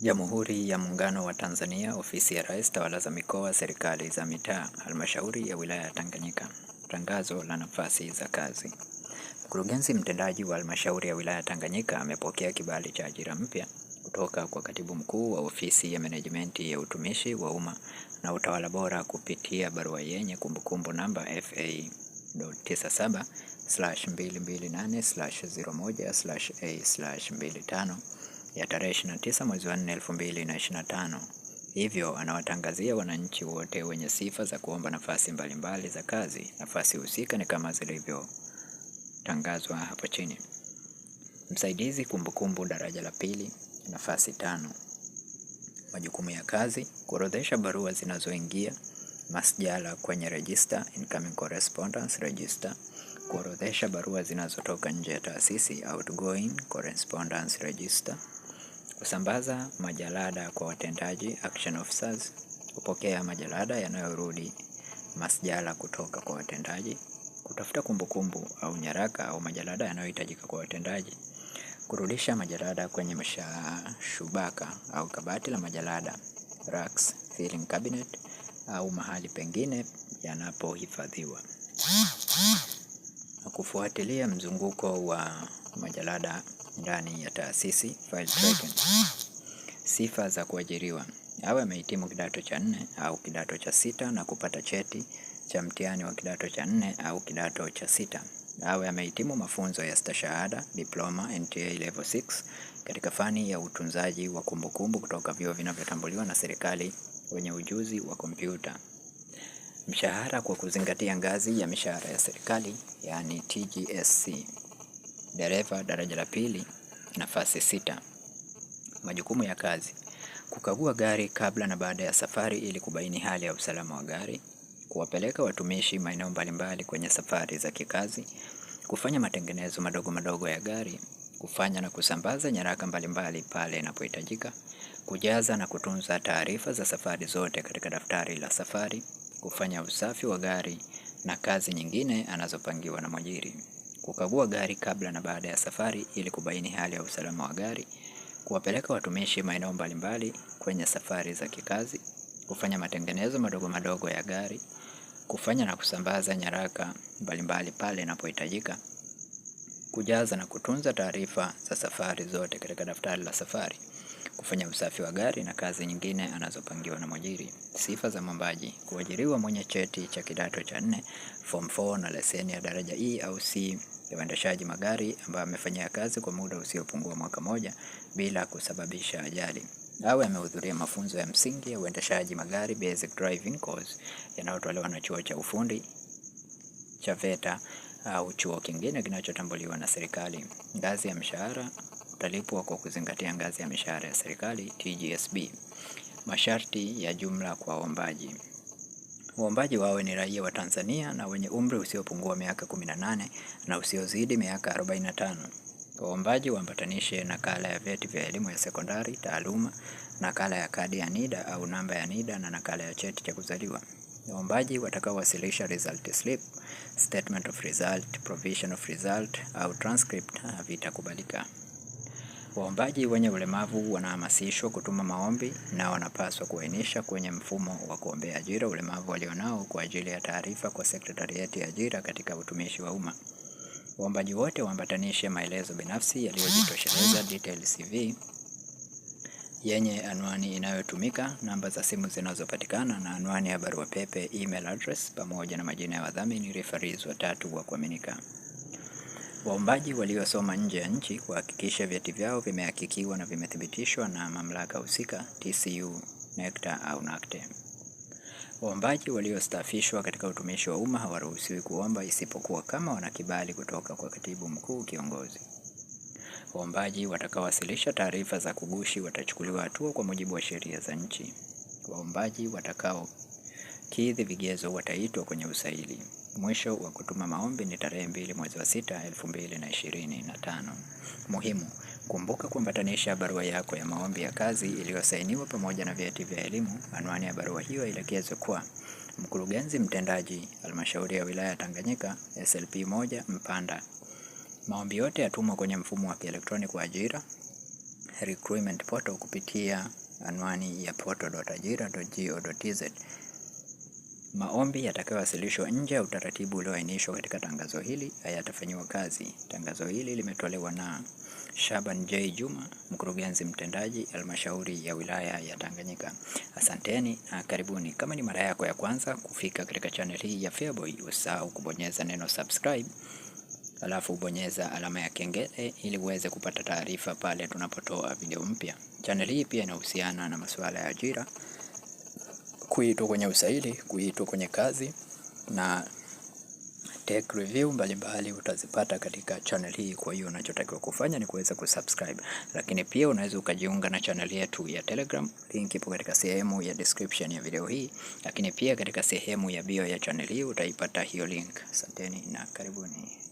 Jamhuri ya Muungano wa Tanzania, Ofisi ya Rais, Tawala za Mikoa, Serikali za Mitaa, Halmashauri ya Wilaya ya Tanganyika. Tangazo la nafasi za kazi. Mkurugenzi mtendaji wa Halmashauri ya Wilaya Tanganyika amepokea kibali cha ajira mpya kutoka kwa Katibu Mkuu wa Ofisi ya Menejimenti ya Utumishi wa Umma na Utawala Bora kupitia barua yenye kumbukumbu namba fa 97 228 01 a ya tarehe 29 mwezi wa 4 2025. Hivyo anawatangazia wananchi wote wenye sifa za kuomba nafasi mbalimbali za kazi, nafasi husika ni kama zilivyotangazwa hapo chini. Msaidizi kumbukumbu daraja la pili, nafasi tano. Majukumu ya kazi: kuorodhesha barua zinazoingia masjala kwenye register, incoming correspondence register, kuorodhesha barua zinazotoka nje ya taasisi, outgoing correspondence register kusambaza majalada kwa watendaji action officers, hupokea majalada yanayorudi masjala kutoka kwa watendaji, kutafuta kumbukumbu au nyaraka au majalada yanayohitajika kwa watendaji, kurudisha majalada kwenye mashashubaka au kabati la majalada racks, filing cabinet au mahali pengine yanapohifadhiwa, na kufuatilia mzunguko wa majalada ndani ya taasisi FileTracken. Sifa za kuajiriwa: awe amehitimu kidato cha nne au kidato cha sita na kupata cheti cha mtihani wa kidato cha nne au kidato cha sita. Awe amehitimu mafunzo ya stashahada, diploma, NTA level 6 katika fani ya utunzaji wa kumbukumbu kutoka vyuo vinavyotambuliwa na serikali wenye ujuzi wa kompyuta. Mshahara kwa kuzingatia ngazi ya mishahara ya serikali, yani TGSC dereva daraja la pili, nafasi sita. Majukumu ya kazi: kukagua gari kabla na baada ya safari ili kubaini hali ya usalama wa gari, kuwapeleka watumishi maeneo mbalimbali kwenye safari za kikazi, kufanya matengenezo madogo madogo ya gari, kufanya na kusambaza nyaraka mbalimbali pale inapohitajika, kujaza na kutunza taarifa za safari zote katika daftari la safari, kufanya usafi wa gari na kazi nyingine anazopangiwa na mwajiri kukagua gari kabla na baada ya safari ili kubaini hali ya usalama wa gari, kuwapeleka watumishi maeneo mbalimbali kwenye safari za kikazi, kufanya matengenezo madogo madogo ya gari, kufanya na kusambaza nyaraka mbalimbali pale inapohitajika, kujaza na kutunza taarifa za safari zote katika daftari la safari, kufanya usafi wa gari na kazi nyingine anazopangiwa na mwajiri. Sifa za mwombaji: kuajiriwa mwenye cheti cha kidato cha nne, form 4 na leseni ya daraja E au C ya uendeshaji magari ambayo amefanyia kazi kwa muda usiopungua mwaka moja bila kusababisha ajali au amehudhuria mafunzo ya msingi ya uendeshaji magari basic driving course yanayotolewa na chuo cha ufundi cha VETA au chuo kingine kinachotambuliwa na serikali. Ngazi ya mshahara utalipwa kwa kuzingatia ngazi ya mishahara ya serikali TGSB. Masharti ya jumla kwa waombaji. Waombaji wawe ni raia wa Tanzania na wenye umri usiopungua miaka 18 na usiozidi miaka 45. Waombaji waambatanishe nakala ya vyeti vya elimu ya sekondari, taaluma, nakala ya kadi ya NIDA au namba ya NIDA na nakala ya cheti cha kuzaliwa. Waombaji watakaowasilisha result slip, statement of result, provision of result au transcript vitakubalika. Waombaji wenye ulemavu wanahamasishwa kutuma maombi na wanapaswa kuainisha kwenye mfumo wa kuombea ajira ulemavu walionao kwa ajili ya taarifa kwa Sekretarieti ya Ajira katika Utumishi wa Umma. Waombaji wote waambatanishe maelezo binafsi yaliyojitosheleza detail CV yenye anwani inayotumika, namba za simu zinazopatikana na anwani ya barua pepe, email address, pamoja na majina ya wadhamini referees watatu wa kuaminika. Waombaji waliosoma nje ya nchi kuhakikisha vyeti vyao vimehakikiwa na vimethibitishwa na mamlaka husika TCU, NECTA au NACTE. Waombaji waliostaafishwa katika utumishi wa umma hawaruhusiwi kuomba isipokuwa kama wana kibali kutoka kwa katibu mkuu kiongozi. Waombaji watakaowasilisha taarifa za kugushi watachukuliwa hatua kwa mujibu wa sheria za nchi. Waombaji watakaokidhi vigezo wataitwa kwenye usaili. Mwisho wa kutuma maombi ni tarehe mbili mwezi wa sita elfu mbili na ishirini na tano. Muhimu: kumbuka kuambatanisha barua yako ya maombi ya kazi iliyosainiwa pamoja na vyeti vya elimu. Anwani ya barua hiyo ielekezwe kwa Mkurugenzi Mtendaji, Halmashauri ya Wilaya ya Tanganyika, SLP 1 Mpanda. Maombi yote yatumwa kwenye mfumo wa kielektroniki wa ajira Recruitment Portal kupitia anwani ya portal.ajira.go.tz. Maombi yatakayowasilishwa nje ya utaratibu ulioainishwa katika tangazo hili hayatafanyiwa kazi. Tangazo hili limetolewa na Shaban J. Juma, mkurugenzi mtendaji halmashauri ya wilaya ya Tanganyika. Asanteni na karibuni. Kama ni mara yako ya kwanza kufika katika channel hii ya Feaboy, usahau kubonyeza neno subscribe, alafu ubonyeza alama ya kengele ili uweze kupata taarifa pale tunapotoa video mpya. Channel hii pia inahusiana na masuala ya ajira kuitwa kwenye usaili, kuitwa kwenye kazi na tech review mbalimbali utazipata katika channel hii. Kwa hiyo unachotakiwa kufanya ni kuweza kusubscribe, lakini pia unaweza ukajiunga na channel yetu ya Telegram, link ipo katika sehemu ya description ya video hii, lakini pia katika sehemu ya bio ya channel hii utaipata hiyo link. Asanteni na karibuni.